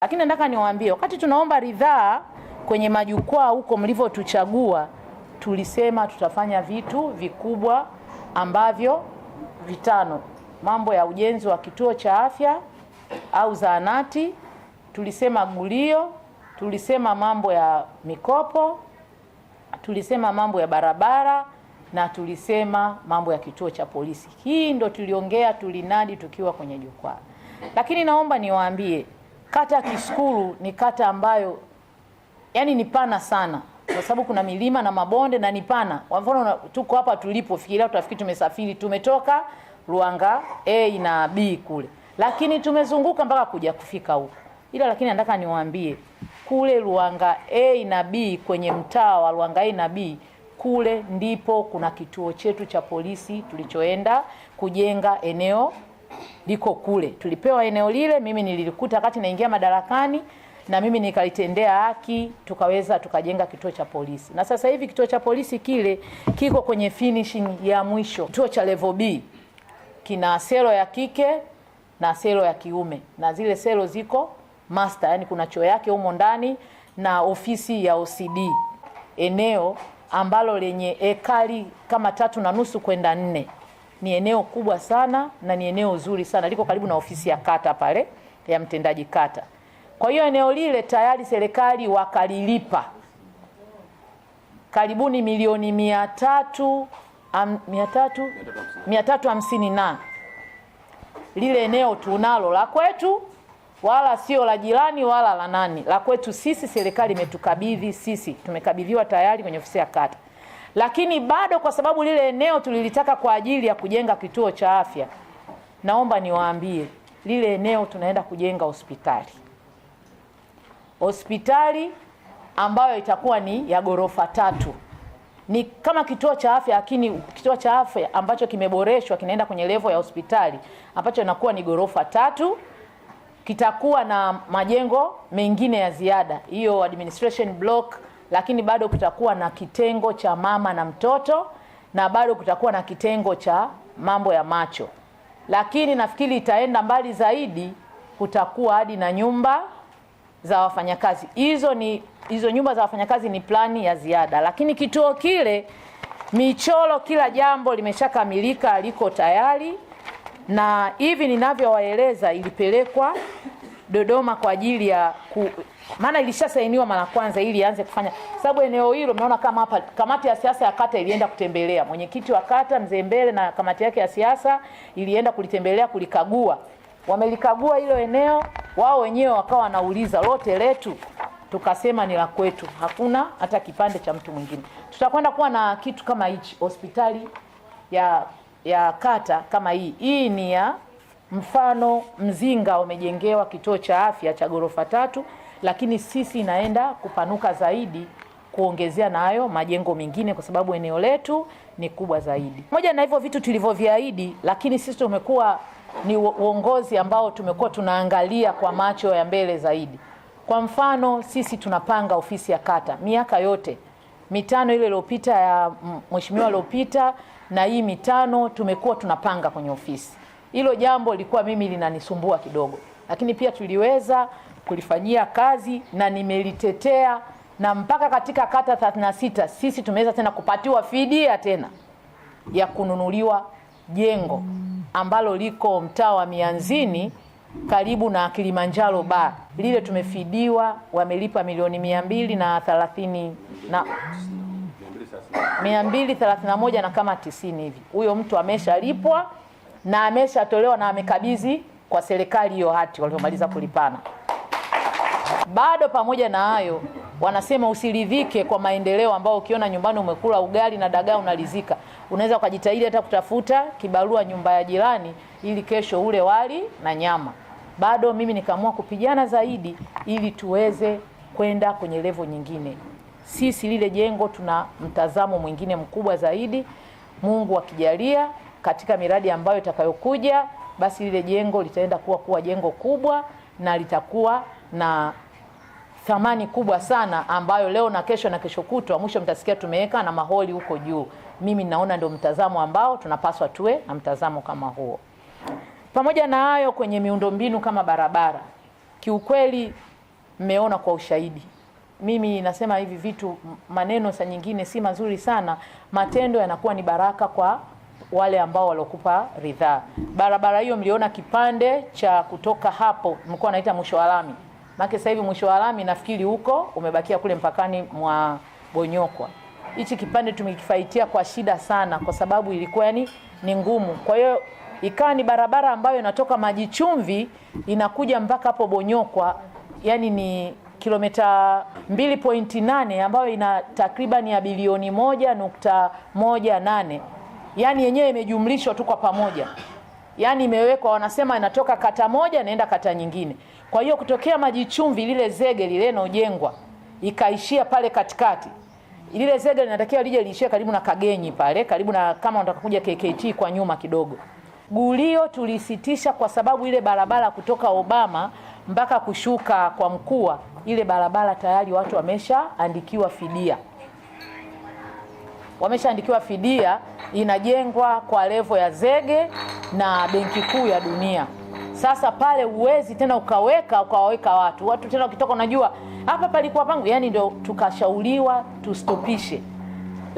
Lakini nataka niwaambie, wakati tunaomba ridhaa kwenye majukwaa huko mlivyotuchagua, tulisema tutafanya vitu vikubwa ambavyo vitano, mambo ya ujenzi wa kituo cha afya au zahanati, tulisema gulio, tulisema mambo ya mikopo, tulisema mambo ya barabara na tulisema mambo ya kituo cha polisi. Hii ndo tuliongea, tulinadi tukiwa kwenye jukwaa. Lakini naomba niwaambie, kata ya Kisukuru ni kata ambayo yani ni pana sana, kwa sababu kuna milima na mabonde na ni pana. Kwa mfano tuko hapa tulipo, fikiria tutafikiri tumesafiri, tumetoka Ruanga A na B kule, lakini tumezunguka mpaka kuja kufika huko. Ila lakini nataka niwaambie kule Ruanga A na B kwenye mtaa wa Ruanga A na B kule ndipo kuna kituo chetu cha polisi tulichoenda kujenga eneo liko kule. Tulipewa eneo lile, mimi nililikuta wakati naingia madarakani na mimi nikalitendea haki, tukaweza tukajenga kituo cha polisi, na sasa hivi kituo cha polisi kile kiko kwenye finishing ya mwisho. Kituo cha level B kina selo ya kike na selo ya kiume, na zile selo ziko master, yani kuna choo yake humo ndani na ofisi ya OCD eneo ambalo lenye ekari kama tatu na nusu kwenda nne. Ni eneo kubwa sana na ni eneo zuri sana, liko karibu na ofisi ya kata pale ya mtendaji kata. Kwa hiyo eneo lile tayari serikali wakalilipa karibuni milioni mia tatu mia tatu mia tatu hamsini na lile eneo tunalo la kwetu wala sio la jirani wala la nani, la kwetu sisi. Serikali imetukabidhi sisi, tumekabidhiwa tayari kwenye ofisi ya kata, lakini bado kwa sababu lile eneo tulilitaka kwa ajili ya kujenga kituo cha afya, naomba niwaambie, lile eneo tunaenda kujenga hospitali, hospitali ambayo itakuwa ni ya ghorofa tatu ni kama kituo cha afya lakini kituo cha afya ambacho kimeboreshwa kinaenda kwenye levo ya hospitali ambacho inakuwa ni ghorofa tatu kitakuwa na majengo mengine ya ziada, hiyo administration block, lakini bado kutakuwa na kitengo cha mama na mtoto na bado kutakuwa na kitengo cha mambo ya macho, lakini nafikiri itaenda mbali zaidi, kutakuwa hadi na nyumba za wafanyakazi. Hizo ni hizo nyumba za wafanyakazi ni plani ya ziada, lakini kituo kile, michoro, kila jambo limeshakamilika, liko tayari na hivi ninavyowaeleza ilipelekwa Dodoma kwa ajili ya ku, maana ilishasainiwa mara kwanza ili ianze kufanya, sababu eneo hilo mnaona kama hapa kamati ya siasa ya kata ilienda kutembelea mwenyekiti wa kata mzee Mbele na kamati yake ya siasa ilienda kulitembelea kulikagua, wamelikagua hilo eneo wao wenyewe wakawa wanauliza lote letu, tukasema ni la kwetu, hakuna hata kipande cha mtu mwingine. Tutakwenda kuwa na kitu kama hichi hospitali ya ya kata kama hii. Hii ni ya mfano Mzinga umejengewa kituo cha afya cha ghorofa tatu, lakini sisi inaenda kupanuka zaidi kuongezea na majengo mengine kwa sababu eneo letu ni kubwa zaidi. Moja na hivyo vitu tulivyoviahidi, lakini sisi tumekuwa ni uongozi ambao tumekuwa tunaangalia kwa macho ya mbele zaidi. Kwa mfano, sisi tunapanga ofisi ya kata miaka yote mitano ile iliyopita ya mheshimiwa aliyopita na hii mitano tumekuwa tunapanga kwenye ofisi. Hilo jambo lilikuwa mimi linanisumbua kidogo, lakini pia tuliweza kulifanyia kazi na nimelitetea, na mpaka katika kata 36 sisi tumeweza tena kupatiwa fidia tena ya kununuliwa jengo ambalo liko mtaa wa Mianzini karibu na Kilimanjaro ba Lile tumefidiwa, wamelipa milioni mia mbili na thelathini na 231 na kama 90 hivi, huyo mtu ameshalipwa na ameshatolewa na amekabidhi kwa serikali hiyo hati waliomaliza kulipana. Bado pamoja na hayo, wanasema usiridhike kwa maendeleo ambao ukiona nyumbani umekula ugali na dagaa unalizika, unaweza ukajitahidi hata kutafuta kibarua nyumba ya jirani ili kesho ule wali na nyama. Bado mimi nikaamua kupigana zaidi ili tuweze kwenda kwenye levo nyingine sisi lile jengo tuna mtazamo mwingine mkubwa zaidi. Mungu akijalia, katika miradi ambayo itakayokuja, basi lile jengo litaenda kuwa kuwa jengo kubwa na litakuwa na thamani kubwa sana, ambayo leo na kesho na kesho kutwa mwisho mtasikia tumeweka na maholi huko juu. Mimi naona ndio mtazamo ambao tunapaswa tuwe na mtazamo kama huo. Pamoja na hayo, kwenye miundombinu kama barabara, kiukweli mmeona kwa ushahidi mimi nasema hivi vitu, maneno sa nyingine si mazuri sana, matendo yanakuwa ni baraka kwa wale ambao walokupa ridhaa. Barabara hiyo mliona kipande cha kutoka hapo, mlikuwa naita mwisho wa lami, maana sasa hivi mwisho wa lami nafikiri huko umebakia kule mpakani mwa Bonyokwa. Hichi kipande tumekifaitia kwa shida sana, kwa sababu ilikuwa yani ni ngumu. Kwa hiyo ikawa ni barabara ambayo inatoka Maji Chumvi inakuja mpaka hapo Bonyokwa, yani ni kilomita 2.8 ambayo ina takriban ya bilioni moja moja nukta nane yaani yenyewe imejumlishwa tu kwa pamoja, yaani imewekwa, wanasema inatoka kata moja naenda kata nyingine. Kwa hiyo kutokea Maji Chumvi lile zege lile linojengwa ikaishia pale katikati lile zege linatakiwa lije liishie karibu na Kagenyi pale karibu na, kama unataka kuja KKT kwa nyuma kidogo. Gulio tulisitisha kwa sababu ile barabara kutoka Obama mpaka kushuka kwa mkua, ile barabara tayari watu wameshaandikiwa fidia, wameshaandikiwa fidia. Inajengwa kwa levo ya zege na Benki Kuu ya Dunia. Sasa pale uwezi tena ukaweka ukawaweka watu watu tena, ukitoka unajua hapa palikuwa pangu, yani ndio tukashauriwa tustopishe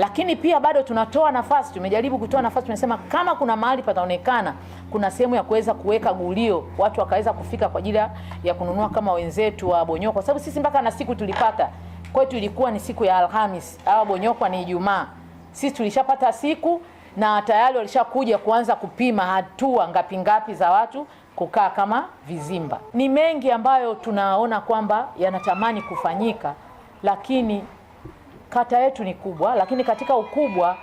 lakini pia bado tunatoa nafasi, tumejaribu kutoa nafasi, tumesema kama kuna mahali pataonekana kuna sehemu ya kuweza kuweka gulio, watu wakaweza kufika kwa ajili ya kununua kama wenzetu wa Bonyokwa, kwa sababu sisi mpaka na siku tulipata kwetu ilikuwa ni siku ya Alhamis, hawa Bonyokwa ni Ijumaa. Sisi tulishapata siku na tayari walishakuja kuanza kupima hatua ngapi ngapi za watu kukaa kama vizimba. Ni mengi ambayo tunaona kwamba yanatamani kufanyika, lakini kata yetu ni kubwa, lakini katika ukubwa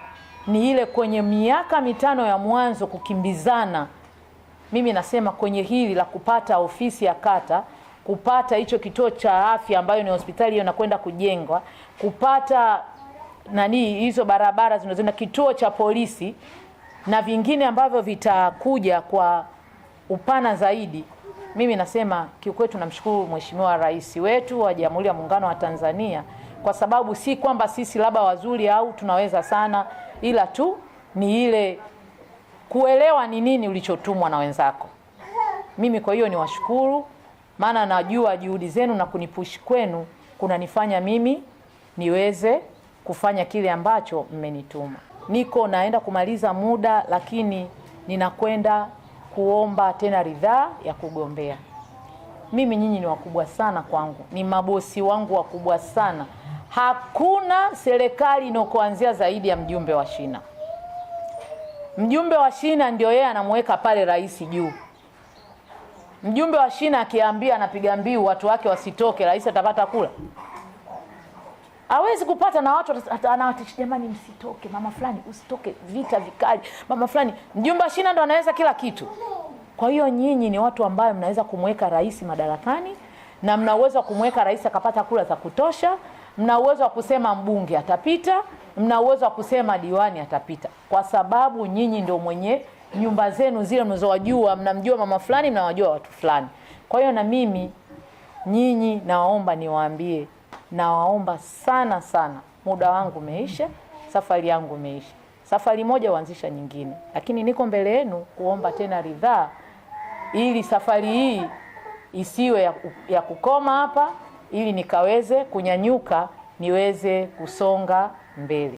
ni ile kwenye miaka mitano ya mwanzo kukimbizana. Mimi nasema kwenye hili la kupata ofisi ya kata, kupata hicho kituo cha afya ambayo ni hospitali hiyo inakwenda kujengwa, kupata nani hizo barabara zinazoenda kituo cha polisi na vingine ambavyo vitakuja kwa upana zaidi. Mimi nasema kiukweli, tunamshukuru Mheshimiwa Rais wetu wa Jamhuri ya Muungano wa Tanzania kwa sababu si kwamba sisi labda wazuri au tunaweza sana, ila tu ni ile kuelewa ni nini ulichotumwa na wenzako. Mimi kwa hiyo niwashukuru, maana najua juhudi zenu na kunipush kwenu kunanifanya mimi niweze kufanya kile ambacho mmenituma. Niko naenda kumaliza muda, lakini ninakwenda kuomba tena ridhaa ya kugombea. Mimi nyinyi ni wakubwa sana kwangu, ni mabosi wangu wakubwa sana hakuna serikali inayokuanzia zaidi ya mjumbe wa shina. Mjumbe wa shina ndio yeye anamweka pale rais juu. Mjumbe wa shina akiambia, anapiga mbiu watu wake wasitoke, rais atapata kula? Hawezi kupata, na watu anawatishi, jamani, msitoke, mama fulani usitoke, vita vikali, mama fulani. Mjumbe wa shina ndo anaweza kila kitu. Kwa hiyo nyinyi ni watu ambayo mnaweza kumweka rais madarakani na mna uwezo wa kumweka rais akapata kula za kutosha mna uwezo wa kusema mbunge atapita, mna uwezo wa kusema diwani atapita, kwa sababu nyinyi ndio mwenye nyumba zenu zile mnazowajua, mnamjua mama fulani, mnawajua watu fulani. Kwa hiyo na mimi nyinyi nawaomba niwaambie, nawaomba sana sana, muda wangu umeisha, safari yangu umeisha. Safari moja uanzisha nyingine, lakini niko mbele yenu kuomba tena ridhaa, ili safari hii isiwe ya, ya kukoma hapa ili nikaweze kunyanyuka niweze kusonga mbele.